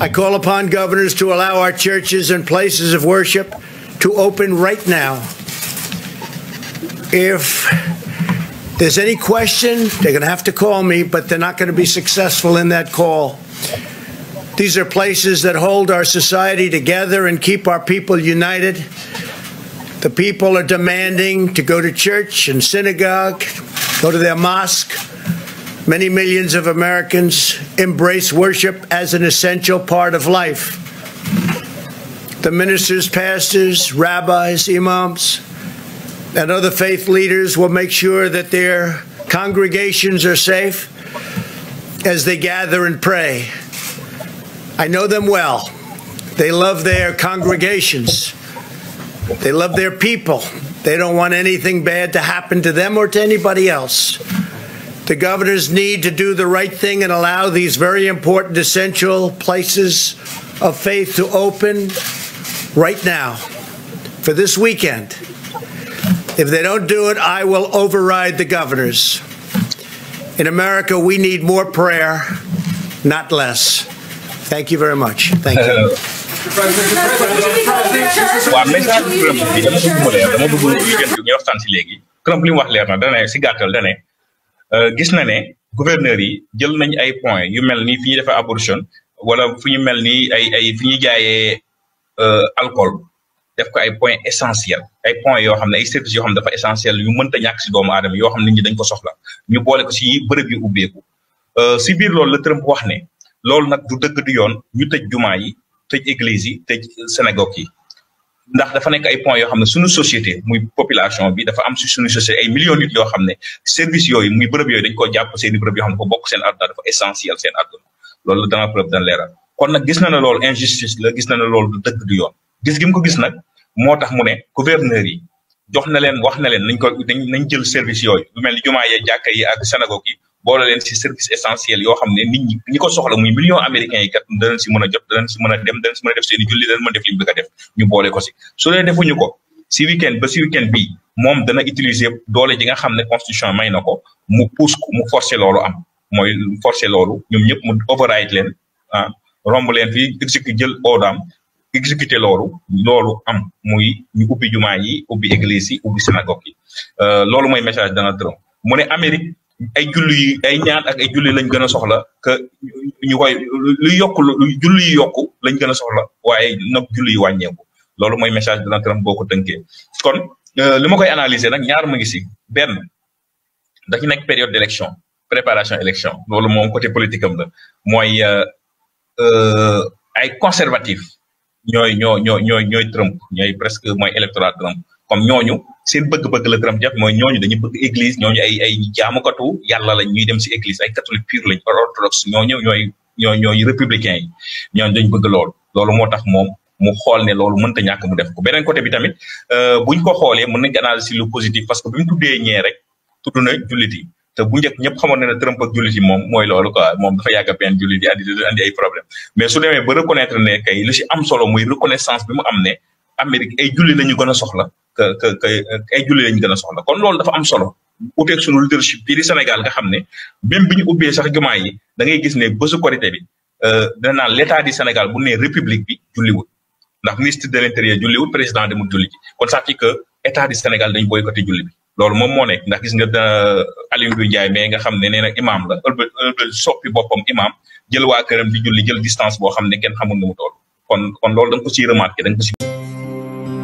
I call upon governors to allow our churches and places of worship to open right now. If there's any question, they're going have to call me, but they're not going to be successful in that call. These are places that hold our society together and keep our people united. The people are demanding to go to church and synagogue, go to their mosque, Many millions of Americans embrace worship as an essential part of life. The ministers, pastors, rabbis, imams, and other faith leaders will make sure that their congregations are safe as they gather and pray. I know them well. They love their congregations. They love their people. They don't want anything bad to happen to them or to anybody else. The governor's need to do the right thing and allow these very important, essential places of faith to open right now for this weekend. If they don't do it, I will override the governors. In America, we need more prayer, not less. Thank you very much. Euh, gis na ne gouverneurs yi jël nañ ay points yu mel ni fi ñuy defee abortion wala fu ñu mel ni ay ay fi ñuy jaayee euh, alcool def ko ay points essentiels ay points yoo xam ne ay services yoo xam ne dafa essentiel yu mënta ñàkk si doomu aadama yoo xam ne nit ñi dañ ko soxla ñu boole ko si bërëb yu ubbeeku euh, si biir loolu la Trump wax ne loolu nag du dëgg du yoon ñu tëj jumaa yi tëj église yi tëj synagogue yi. ndax dafa nekk ay points yoo xam ne sunu société muy population bi dafa am si suñu société ay million nit yoo xam ne service yooyu muy bërëb yooyu dañ ko jàpp seen i bërëb yoo xam ne ko bokk seen àdduna dafa essentiel seen àdduna loolu dana preuve dana leeral kon nag gis na ne loolu injustice la gis na ne loolu du dëkk du yoon gis gi ko gis nag moo tax mu ne gouverneur yi jox na leen wax na leen nañ ko nañ jël service yooyu lu mel ni jumaa a jàkka yi ak synagogue yi boole leen ci service essentiel yoo xam ne nit ñi ñi ko soxla muy million américains yi kat danañ si mën a jot danañ si mën a dem danañ si mën def seen i julli danañ mën a def li ñu def ñu boole ko si su dee defuñu si weekend ba si weekend bi moom dana utiliser doole ji nga xam ne constitution may na ko mu pousse mu forcer loolu am mooy forcer loolu ñoom ñëpp mu override leen ah romb leen fii exécuté jël ordre am exécuté loolu loolu am muy ñu ubbi jumaa yi ubbi église yi ubbi synagogue yi euh, loolu mooy message dana Trump ay julli yi ay ñaan ak ay julli lañ gën a soxla que ñu koy lu yokk lu julli yi lañ gën a soxla waaye nag julli yi wàññeeku loolu mooy message de l'entraînement boo ko tënkee kon euh, li ma koy analyser nag ñaar ma ngi si benn dañu nekk période d'élection préparation élection loolu moom côté politique am la mooy euh, euh, ay conservatif ñooy ñoo ñoo ñooy ñooy Trump ñooy presque mooy électorat Trump comme ñooñu seen bëgg-bëgg la Trump jàpp mooy ñooñu dañu bëgg église ñooñu ay ay jaamukatu yàlla lañ ñuy dem si église ay catholique pur lañ orthodoxe ñooñu ñooy ñooy ñooy républicain yi ñooñu dañ bëgg lool loolu moo tax moom mu xool ne loolu mënta ñàkk mu def ko beneen côté bi tamit euh, buñ ko xoolee mën nañ analyser lu positif parce que bi mu tuddee ñee rek tudd te bu njëkk ñëpp xamoon na ne Trump ak moom mooy loolu quoi moom dafa yàgg a benn jullit yi andi andi ay problème ne kay li si am solo muy reconnaissance bi mu am ne Amérique ay jullit lañu gën a soxla que que que ay julli a soxla kon loolu dafa am solo uteeg sunu leadership bii di Sénégal nga xam ne même bi ñu ubbee sax jumaa yi gis ne bésu korité bi euh, dina naan l'état du Sénégal bu ne république bi julliwul ndax ministre de l'intérieur julliwul président demul julli ji kon ça fait que état du Sénégal dañ boycotté julli bi loolu moom moo nekk ndax gis nga euh, Aliou Ndoye Ndiaye mais nga xam ne nee na imam la ëllëg soppi boppam imam jël waa këram di julli jël distance boo xam ne kenn xamul nu mu toll kon